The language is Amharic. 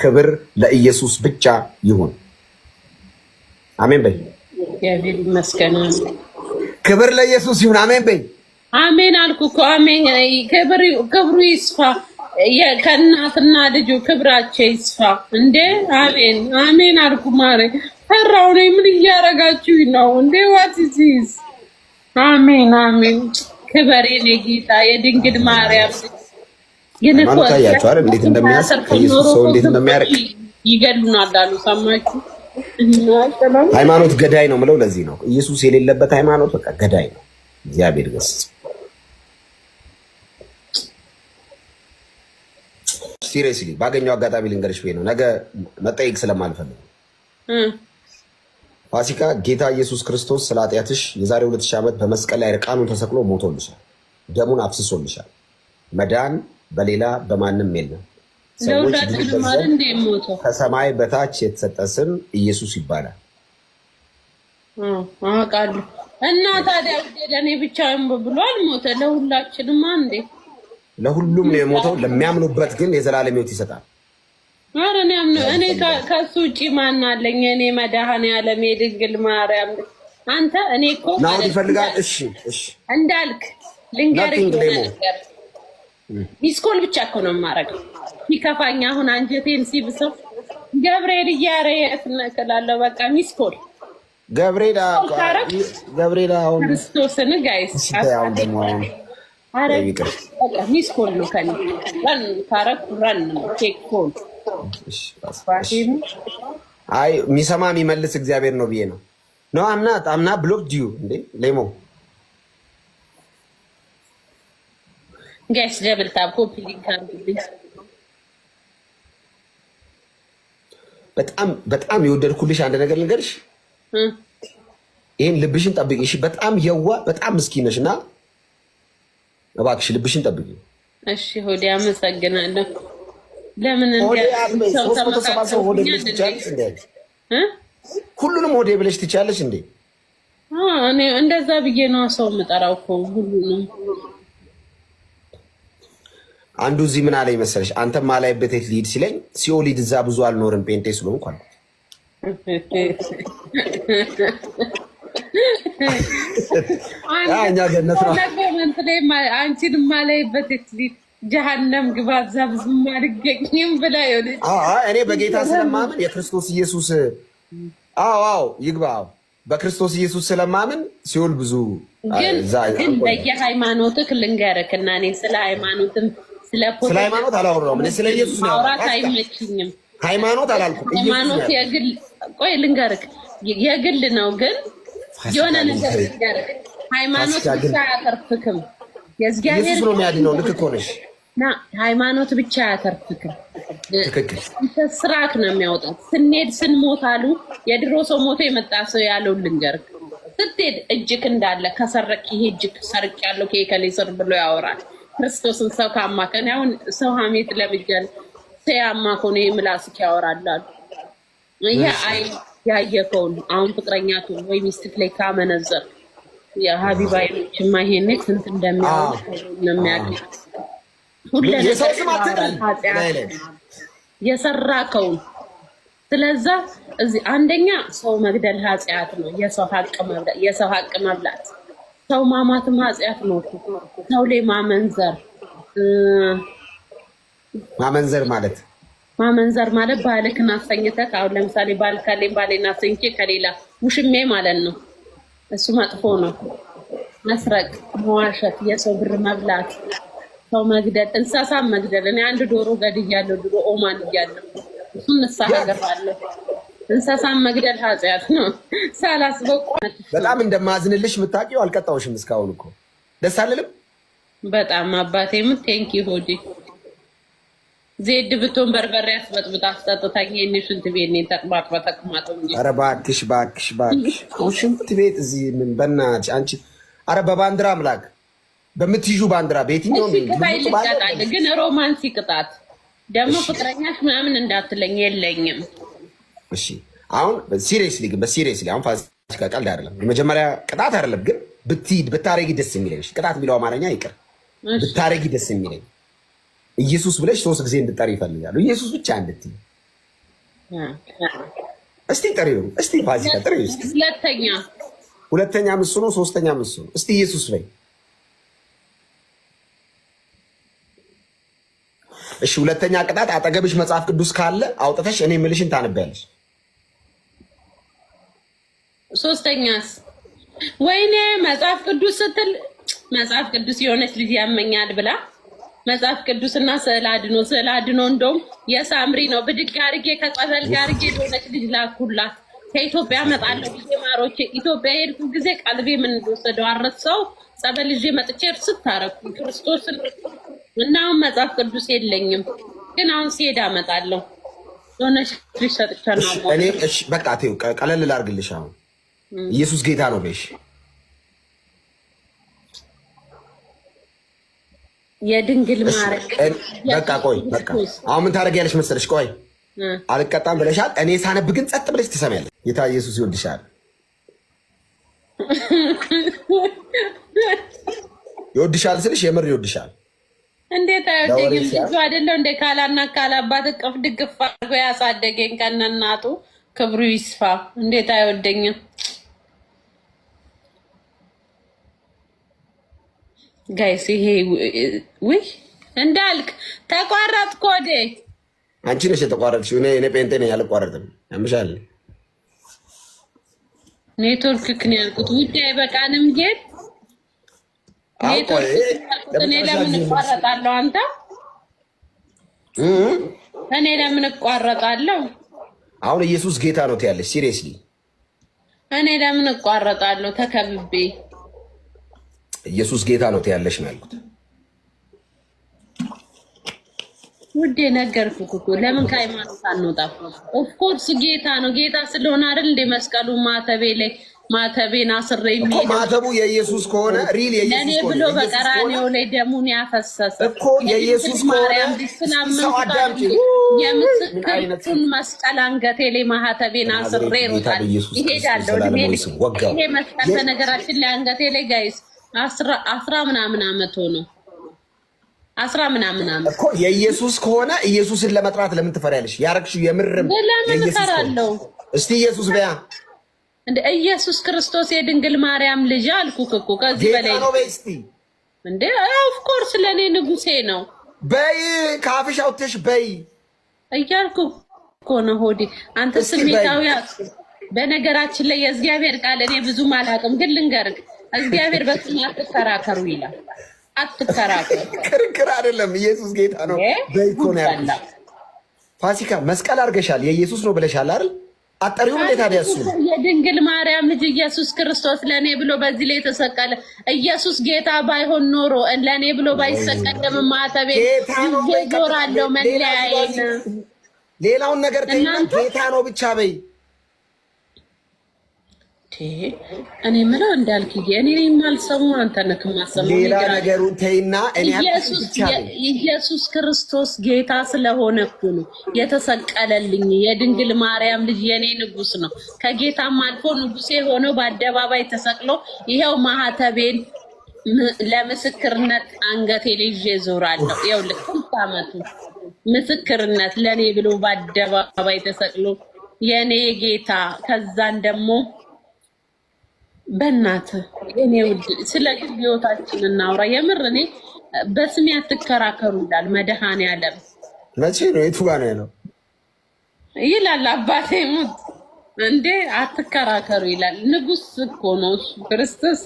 ክብር ለኢየሱስ ብቻ ይሁን። አሜን በይ። ክብር ለኢየሱስ ይሁን። አሜን በይ። አሜን አልኩ እኮ አሜን። ክብሩ ይስፋ። ከእናትና ልጁ ክብራቸው ይስፋ። እንዴ አሜን አሜን አልኩ። ማሬ ፈራሁ እኔ። ምን እያደረጋችሁ ነው እንዴ? ዋት ኢዝ አሜን አሜን። ክበር የኔ ጌታ የድንግል ማርያም ሃይማኖት አያቸዋል እንዴት እንደሚያስብ ሰው እንዴት እንደሚያርቅ ይገሉናል አሉ። ሰማችሁ? ሃይማኖት ገዳይ ነው ምለው ለዚህ ነው። ኢየሱስ የሌለበት ሃይማኖት በቃ ገዳይ ነው። እግዚአብሔር ገስጽ ሲሪየስሊ ባገኘው አጋጣሚ ልንገርሽ ብዬ ነው። ነገ መጠየቅ ስለማልፈልግ ፋሲካ ጌታ ኢየሱስ ክርስቶስ ስለ ኃጢአትሽ የዛሬ ሁለት ሺህ ዓመት በመስቀል ላይ እርቃኑን ተሰቅሎ ሞቶልሻል። ደሙን አፍስሶልሻል። መዳን በሌላ በማንም የለም። ሰዎች ከሰማይ በታች የተሰጠ ስም ኢየሱስ ይባላል። አውቃለሁ። እና ታዲያ ለእኔ ብቻ ብሏል ሞተ? ለሁላችንም አንዴ ለሁሉም ነው የሞተው። ለሚያምኑበት ግን የዘላለም ሕይወት ይሰጣል። ኧረ እኔ አምነው እኔ ከሱ ውጪ ማን አለኝ? እኔ መድኃኔዓለም የድንግል ማርያም አንተ እኔ እኮ ናሁን ይፈልጋል። እሺ እሺ እንዳልክ ልንገርህ ነገር ሚስኮል ብቻ እኮ ነው የማደርገው። ይከፋኝ አሁን አንጀቴን ሲብሰው ገብርኤል እያረ የት ነህ በቃ ሚስኮል ገብርኤል ገብርኤል አሁን ክርስቶስን ጋይስ ሚስኮል ነው ከእኔ ረን ካረኩ ረን ነው አይ የሚሰማ የሚመልስ እግዚአብሔር ነው ብዬ ነው ነው አምናት አምና ብሎክ ዲዩ እንዴ ሌሞ ጋይስ ደብል ታፕ ኮፒ ሊንክ አድርጉልኝ። በጣም በጣም የወደድኩልሽ አንድ ነገር ልንገርሽ። ይህን ልብሽን ጠብቂ እሺ። በጣም የዋ በጣም ምስኪን እና እባክሽ ልብሽን ጠብቂ እሺ። ሆዴ አመሰግናለሁ። ለምን ሁሉንም ሆዴ ብለሽ ትችያለሽ እንዴ? እኔ እንደዛ ብዬ ነዋ ሰው የምጠራው እኮ ሁሉንም አንዱ እዚህ ምን አለኝ መሰለሽ፣ አንተ ማላይ በቴት ሊድ ሲለኝ ሲኦሊድ እዛ ብዙ አልኖርም ጴንጤ ስለሆንኩ እንኳን እኛ ገነት ነው። አንቺን ማላይበት የት ልሂድ ጀሃነም ግባ እዛ ብዙም አልገኝም ብላ ሆነች። እኔ በጌታ ስለማምን የክርስቶስ ኢየሱስ አዎ፣ አዎ ይግባ። በክርስቶስ ኢየሱስ ስለማምን ሲኦል ብዙ ግን በየሃይማኖትህ ልንገርህ እና እኔ ስለ ሃይማኖትም ስለ ሃይማኖት አላወራሁም። ስለ ኢየሱስ ነው ማውራት አይመችኝም። ሃይማኖት አላልኩም። ሃይማኖት የግል ቆይ የግል ነው። ግን የሆነ ነገር ልንገርህ፣ ሃይማኖት ብቻ አያተርፍክም። የእግዚአብሔር ነው የሚያድነው። ልክ እኮ ነሽ። ሃይማኖት ብቻ አያተርፍክም። ስራክ ነው የሚያወጣት። ስንሄድ ስንሞት አሉ የድሮ ሰው ሞቶ የመጣ ሰው ያለውን ስትሄድ እጅክ እንዳለ ከሰረቅ ይሄ እጅክ ሰርቅ ያለው ስር ብሎ ያወራል። ክርስቶስን ሰው ካማከን አሁን ሰው ሀሜት ለምጃል ተያማኮን ይህ ምላስ ያወራላሉ። ይሄ አይ ያየከውን አሁን ፍቅረኛቱ ወይ ሚስትክ ላይ ካመነዘር የሀቢባ አይኖችማ ይሄኔ ስንት እንደሚያወሩ የሚያገኝ የሰው የሰራከውን ስለዛ እዚህ አንደኛ ሰው መግደል ኃጢአት ነው። የሰው ሀቅ መብላት ሰው ማማትም ኃጢአት ነው። ሰው ላይ ማመንዘር ማመንዘር ማለት ማመንዘር ማለት ባልክን አሰኝተህ አሁን ለምሳሌ ባል ካለኝ ባሌን አሰኝቼ ከሌላ ውሽሜ ማለት ነው። እሱ መጥፎ ነው። መስረቅ፣ መዋሸት፣ የሰው ብር መብላት፣ ሰው መግደል፣ እንስሳት መግደል። እኔ አንድ ዶሮ ገድያለሁ፣ ድሮ ኦማን እያለሁ እሱን እሳ ሀገር አለሁ እንስሳን መግደል ኃጢአት ነው። ሳላስበቆ በጣም እንደማዝንልሽ የምታውቂው አልቀጣሁሽም እስካሁን እኮ ደስ አልልም። በጣም አባቴም ቴንኪ ሆዴ ዜድ ብትሆን በርበሬ አስበጥብጣ አስጠጥታኝ የኔ ሽንት ቤት ኔ ተቅማጥ በተቅማጥ ኧረ እባክሽ እባክሽ እባክሽ ሽንት ቤት እዚህ ምን በእናትሽ አንቺ ኧረ በባንዲራ አምላክ በምትይዙ ባንዲራ በየትኛውም ይቅጣል። ግን ሮማንስ ይቅጣት ደግሞ ፍቅረኛሽ ምናምን እንዳትለኝ የለኝም እሺ አሁን ሲሪየስሊ ግን በሲሪየስሊ አሁን ፋሲካ ቀልድ አይደለም። የመጀመሪያ ቅጣት አይደለም ግን ብትሂድ ብታረጊ ደስ የሚለኝ ቅጣት የሚለው አማርኛ ይቅር፣ ብታረጊ ደስ የሚለኝ ኢየሱስ ብለሽ ሶስት ጊዜ እንድጠሪ ይፈልጋሉ። ኢየሱስ ብቻ እንድትይ እስቲ ጥሪው፣ እስቲ ፋሲካ ጥሪው። ሁለተኛ ሁለተኛ ምሱ ነው፣ ሶስተኛ ምሱ ነው። እስቲ ኢየሱስ በይ እሺ። ሁለተኛ ቅጣት አጠገብሽ መጽሐፍ ቅዱስ ካለ አውጥተሽ እኔ ምልሽን ታነቢያለሽ። ሶስተኛስ ወይኔ መጽሐፍ ቅዱስ ስትል መጽሐፍ ቅዱስ የሆነች ልጅ ያመኛል ብላ መጽሐፍ ቅዱስና ስዕል አድኖ ስዕል አድኖ እንደውም የሳምሪ ነው ብድግ አድርጌ ከጸበል ጋር አድርጌ የሆነች ልጅ ላኩላት። ከኢትዮጵያ እመጣለሁ ብዬ ማሮቼ ኢትዮጵያ የሄድኩ ጊዜ ቀልቤ ምን እንደወሰደው አረሰው። ጸበል ይዤ መጥቼ እርስት ታረኩ ክርስቶስን እና አሁን መጽሐፍ ቅዱስ የለኝም፣ ግን አሁን ሲሄድ አመጣለሁ። የሆነች ልጅ ሰጥቻ ነው። በቃ ቀለል ላድርግልሽ አሁን ኢየሱስ ጌታ ነው በይሽ። የድንግል በቃ ቆይ፣ በቃ አሁን ምን ታደርጊያለሽ መሰለሽ? ቆይ አልቀጣም ብለሻል። እኔ ሳነብ ግን ጸጥ ብለሽ ትሰሚያለሽ። ጌታ ኢየሱስ ይወድሻል። ይወድሻል ስልሽ የምር ይወድሻል። እንዴት አይወደኝም? ልጁ አይደለው እንደ ካላና ካላባት እቅፍ ድግፍ አድርጎ ያሳደገኝ ከነናቱ ክብሩ ይስፋ። እንዴት አይወደኝም? ጋይስ ይሄ ውይ እንዳልክ ተቋረጥ ኮዴ አንቺ ነሽ የተቋረጥሽው። እኔ እኔ ጴንጤ ነኝ አልቋረጥም። ያምሻል ኔትወርክ ክን ያልኩት ውጭ አይበቃንም። ጌት እኔ ለምን እቋረጣለሁ? አንተ እኔ ለምን እቋረጣለሁ? አሁን ኢየሱስ ጌታ ነው ትያለሽ። ሲሪየስሊ እኔ ለምን እቋረጣለሁ? ተከብቤ ኢየሱስ ጌታ ነው ትያለሽ ነው ያልኩት። ውዴ ነገርኩህ እኮ ለምን ከሃይማኖት አንወጣም? ኦፍኮርስ ጌታ ነው። ጌታ ስለሆነ አይደል እንደ መስቀሉ ማተቤ ላይ ማተቤን አስሬ የሚሄደው ማተቡ የኢየሱስ ከሆነ ሪል የኢየሱስ ከሆነ ብሎ በቀራኔው ላይ ደሙን ያፈሰሰ እኮ የኢየሱስ ማርያም ዲስላምን የምስክርቱን መስቀል አንገቴ ላይ ማህተቤን አስሬ ይሄዳለሁ። ይሄ መስቀል በነገራችን ላይ አንገቴ ላይ ጋይስ አስራ ምናምን አመት ሆኖ አስራ ምናምን አመት እኮ የኢየሱስ ከሆነ ኢየሱስን ለመጥራት ለምን ትፈሪያለሽ? ያረግሽው የምርም ለምን እፈራለሁ? እስቲ ኢየሱስ በያ እንደ ኢየሱስ ክርስቶስ የድንግል ማርያም ልጅ አልኩክ እኮ ከዚህ በላይ ነው በስቲ እንዴ ኦፍ ኮርስ ለኔ ንጉሴ ነው በይ ከአፍሽ አውጥተሽ በይ እያልኩ እኮ ነው ሆዴ። አንተ ስሜታዊ በነገራችን ላይ የእግዚአብሔር ቃል እኔ ብዙም አላውቅም፣ ግን ልንገርህ እግዚአብሔር በስሜ አትከራከሩ ይላል። አትከራከሩ፣ ክርክር አይደለም። ኢየሱስ ጌታ ነው። በይኮ ነው ያለ ፋሲካ መስቀል አድርገሻል። የኢየሱስ ነው ብለሻል አይደል? አጠሪው እንዴት ታዲያ እሱ የድንግል ማርያም ልጅ ኢየሱስ ክርስቶስ ለእኔ ብሎ በዚህ ላይ የተሰቀለ ኢየሱስ ጌታ ባይሆን ኖሮ ለእኔ ብሎ ባይሰቀል ለመማተቤ ይዞራለሁ መለያየን ሌላውን ነገር ጌታ ነው ብቻ በይ እኔ ምለው እንዳልክዬ እኔ የማልሰሙ አንተ ነህ የማሰማው። ሌላ ነገሩን ተይና ኢየሱስ ክርስቶስ ጌታ ስለሆነ እኮ ነው የተሰቀለልኝ። የድንግል ማርያም ልጅ የኔ ንጉስ ነው። ከጌታም አልፎ ንጉሴ ሆኖ በአደባባይ ተሰቅሎ ይኸው ማህተቤን ለምስክርነት አንገቴ ልዤ እዞራለሁ። ይኸው ልክምት አመቱ ምስክርነት ለእኔ ብሎ በአደባባይ ተሰቅሎ የእኔ ጌታ ከዛን ደግሞ በእናት እኔ ውድ ስለ ግል ህይወታችን እናውራ። የምር እኔ በስሜ አትከራከሩ ይላል መድኃኔዓለም። መቼ ነው የቱ ጋ ነው ያለው ይላል አባቴ ሙት እንዴ አትከራከሩ ይላል። ንጉስ እኮ ነው ክርስቶስ።